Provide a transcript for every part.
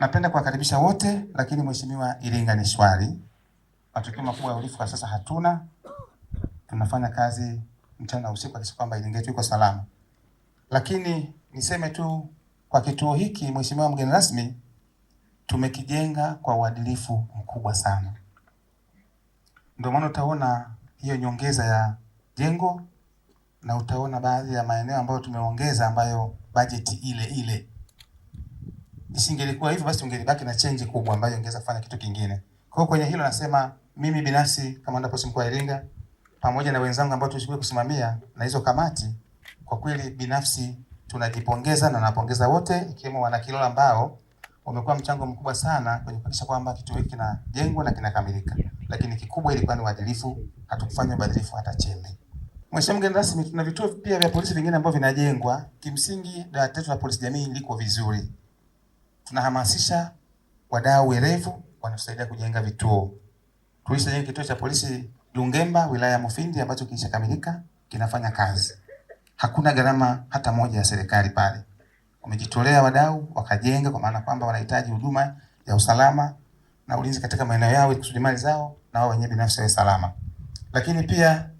Napenda kuwakaribisha wote, lakini Mheshimiwa, Iringa ni swali. Matukio makubwa ya uhalifu kwa sasa hatuna, tunafanya kazi mchana na usiku kuhakikisha kwamba Iringa yetu iko salama. Lakini niseme tu kwa kituo hiki, Mheshimiwa mgeni rasmi, tumekijenga kwa uadilifu mkubwa sana, ndio maana utaona hiyo nyongeza ya jengo na utaona baadhi ya maeneo ambayo tumeongeza ambayo bajeti ile ile Isingelikuwa hivyo basi ungelibaki na chenji kubwa ambayo ungeweza kufanya kitu kingine. Kwa kwenye hilo nasema mimi binafsi kamanda polisi mkoa wa Iringa pamoja na wenzangu ambao tulishiriki kusimamia na hizo kamati, kwa kweli binafsi tunajipongeza na napongeza wote ikiwemo wana Kilola ambao wamekuwa mchango mkubwa sana kwenye kuhakikisha kwamba kituo hiki kinajengwa na kinakamilika. Lakini kikubwa ilikuwa ni uadilifu, hatukufanya uadilifu hata chembe. Mheshimiwa mgeni rasmi, tuna vituo pia vya polisi vingine ambavyo vinajengwa. Kimsingi dawati letu la polisi jamii liko vizuri tunahamasisha wadau werevu wanatusaidia kujenga vituo. Tulishajenga kituo cha polisi Dungemba wilaya ya Mufindi ambacho kilishakamilika kinafanya kazi. Hakuna gharama hata moja ya serikali pale. Wamejitolea wadau wakajenga, kwa maana kwamba wanahitaji huduma ya usalama na ulinzi katika maeneo yao kusudi mali zao na wao wenyewe binafsi wawe salama. Lakini pia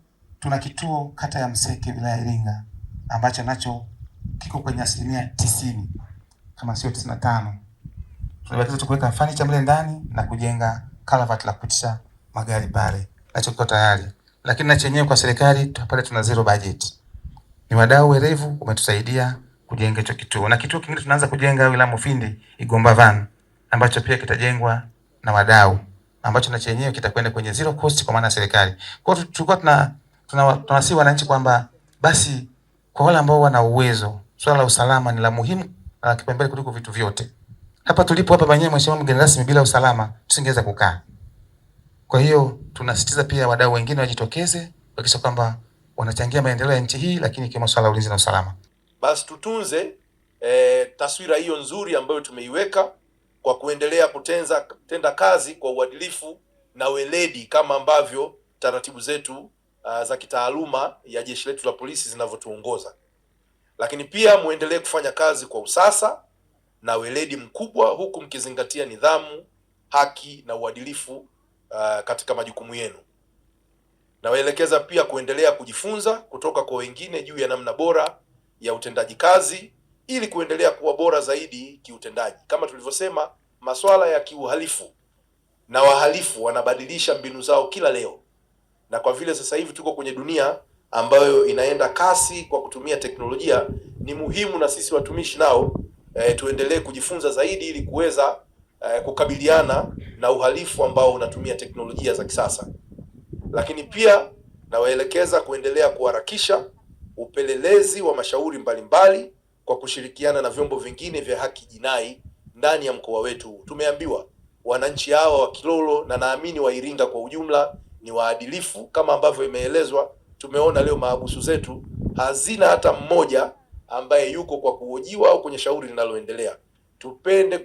tuna kituo kata ya Mseke wilaya Iringa ambacho nacho kiko kwenye asilimia tisini kama sio 95. Tulibakiza kuweka furniture mle ndani na kujenga calvert la kupitisha magari pale. Nacho kiko tayari. Lakini na chenyewe kwa serikali pale tuna zero budget. Ni wadau werevu umetusaidia kujenga hicho kituo. Na kituo kingine tunaanza kujenga wilaya Mufindi Igomba Van ambacho pia kitajengwa na wadau ambacho na chenyewe kitakwenda kwenye zero cost kwa maana ya serikali. Kwa hiyo tulikuwa tuna tunawasihi wananchi kwamba basi kwa wale ambao wana uwezo, swala la usalama ni la muhimu uh, kipaumbele kuliko vitu vyote. Hapa tulipo hapa wenyewe, mheshimiwa mgeni rasmi, bila usalama tusingeweza kukaa. Kwa hiyo tunasisitiza pia wadau wengine wajitokeze kuhakikisha kwamba wanachangia maendeleo ya nchi hii, lakini kwa masuala ya ulinzi na usalama. Basi tutunze e, taswira hiyo nzuri ambayo tumeiweka kwa kuendelea kutenza tenda kazi kwa uadilifu na weledi kama ambavyo taratibu zetu uh, za kitaaluma ya jeshi letu la polisi zinavyotuongoza lakini pia muendelee kufanya kazi kwa usasa na weledi mkubwa, huku mkizingatia nidhamu, haki na uadilifu uh, katika majukumu yenu. Nawaelekeza pia kuendelea kujifunza kutoka kwa wengine juu ya namna bora ya utendaji kazi ili kuendelea kuwa bora zaidi kiutendaji. Kama tulivyosema, masuala ya kiuhalifu na wahalifu wanabadilisha mbinu zao kila leo, na kwa vile sasa hivi tuko kwenye dunia ambayo inaenda kasi kwa kutumia teknolojia, ni muhimu na sisi watumishi nao e, tuendelee kujifunza zaidi ili kuweza e, kukabiliana na uhalifu ambao unatumia teknolojia za kisasa. Lakini pia nawaelekeza kuendelea kuharakisha upelelezi wa mashauri mbalimbali mbali, kwa kushirikiana na vyombo vingine vya haki jinai ndani ya mkoa wetu. Tumeambiwa wananchi hawa wa Kilolo na naamini wa Iringa kwa ujumla ni waadilifu kama ambavyo imeelezwa tumeona leo mahabusu zetu hazina hata mmoja ambaye yuko kwa kuhojiwa au kwenye shauri linaloendelea. Tupende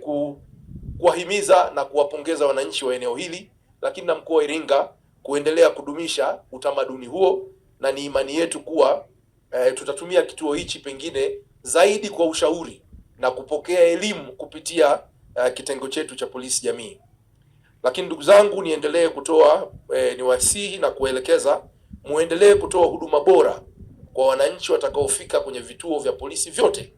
kuwahimiza na kuwapongeza wananchi wa eneo hili, lakini na mkoa wa Iringa kuendelea kudumisha utamaduni huo, na ni imani yetu kuwa e, tutatumia kituo hichi pengine zaidi kwa ushauri na kupokea elimu kupitia e, kitengo chetu cha polisi jamii. Lakini ndugu zangu, niendelee kutoa e, niwasihi na kuelekeza muendelee kutoa huduma bora kwa wananchi watakaofika kwenye vituo vya polisi vyote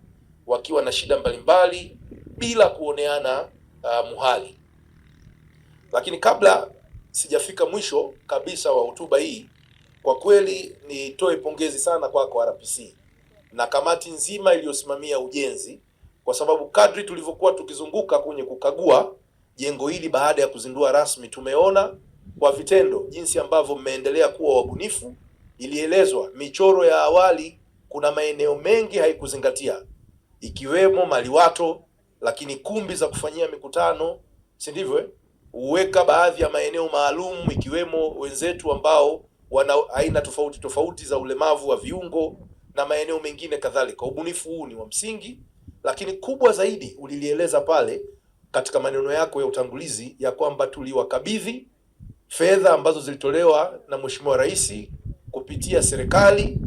wakiwa na shida mbalimbali bila kuoneana uh, muhali. Lakini kabla sijafika mwisho kabisa wa hotuba hii, kwa kweli nitoe pongezi sana kwako kwa RPC na kamati nzima iliyosimamia ujenzi, kwa sababu kadri tulivyokuwa tukizunguka kwenye kukagua jengo hili baada ya kuzindua rasmi, tumeona kwa vitendo jinsi ambavyo mmeendelea kuwa wabunifu. Ilielezwa michoro ya awali kuna maeneo mengi haikuzingatia ikiwemo maliwato, lakini kumbi za kufanyia mikutano, si ndivyo? Eh? Huweka baadhi ya maeneo maalum ikiwemo wenzetu ambao wana aina tofauti tofauti za ulemavu wa viungo na maeneo mengine kadhalika. Ubunifu huu ni wa msingi, lakini kubwa zaidi ulilieleza pale katika maneno yako ya utangulizi ya kwamba tuliwakabidhi fedha ambazo zilitolewa na Mheshimiwa Rais kupitia serikali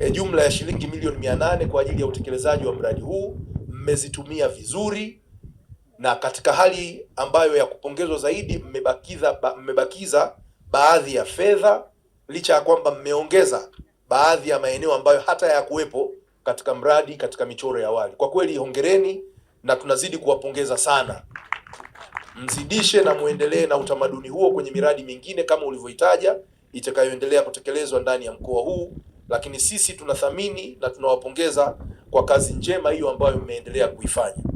e, jumla ya shilingi milioni mia nane kwa ajili ya utekelezaji wa mradi huu mmezitumia vizuri na katika hali ambayo ya kupongezwa zaidi, mmebakiza mmebakiza baadhi ya fedha licha ya kwamba mmeongeza baadhi ya maeneo ambayo hata ya kuwepo katika mradi katika michoro ya awali. Kwa kweli hongereni, na tunazidi kuwapongeza sana mzidishe na muendelee na utamaduni huo kwenye miradi mingine kama ulivyoitaja itakayoendelea kutekelezwa ndani ya mkoa huu, lakini sisi tunathamini na tunawapongeza kwa kazi njema hiyo ambayo mmeendelea kuifanya.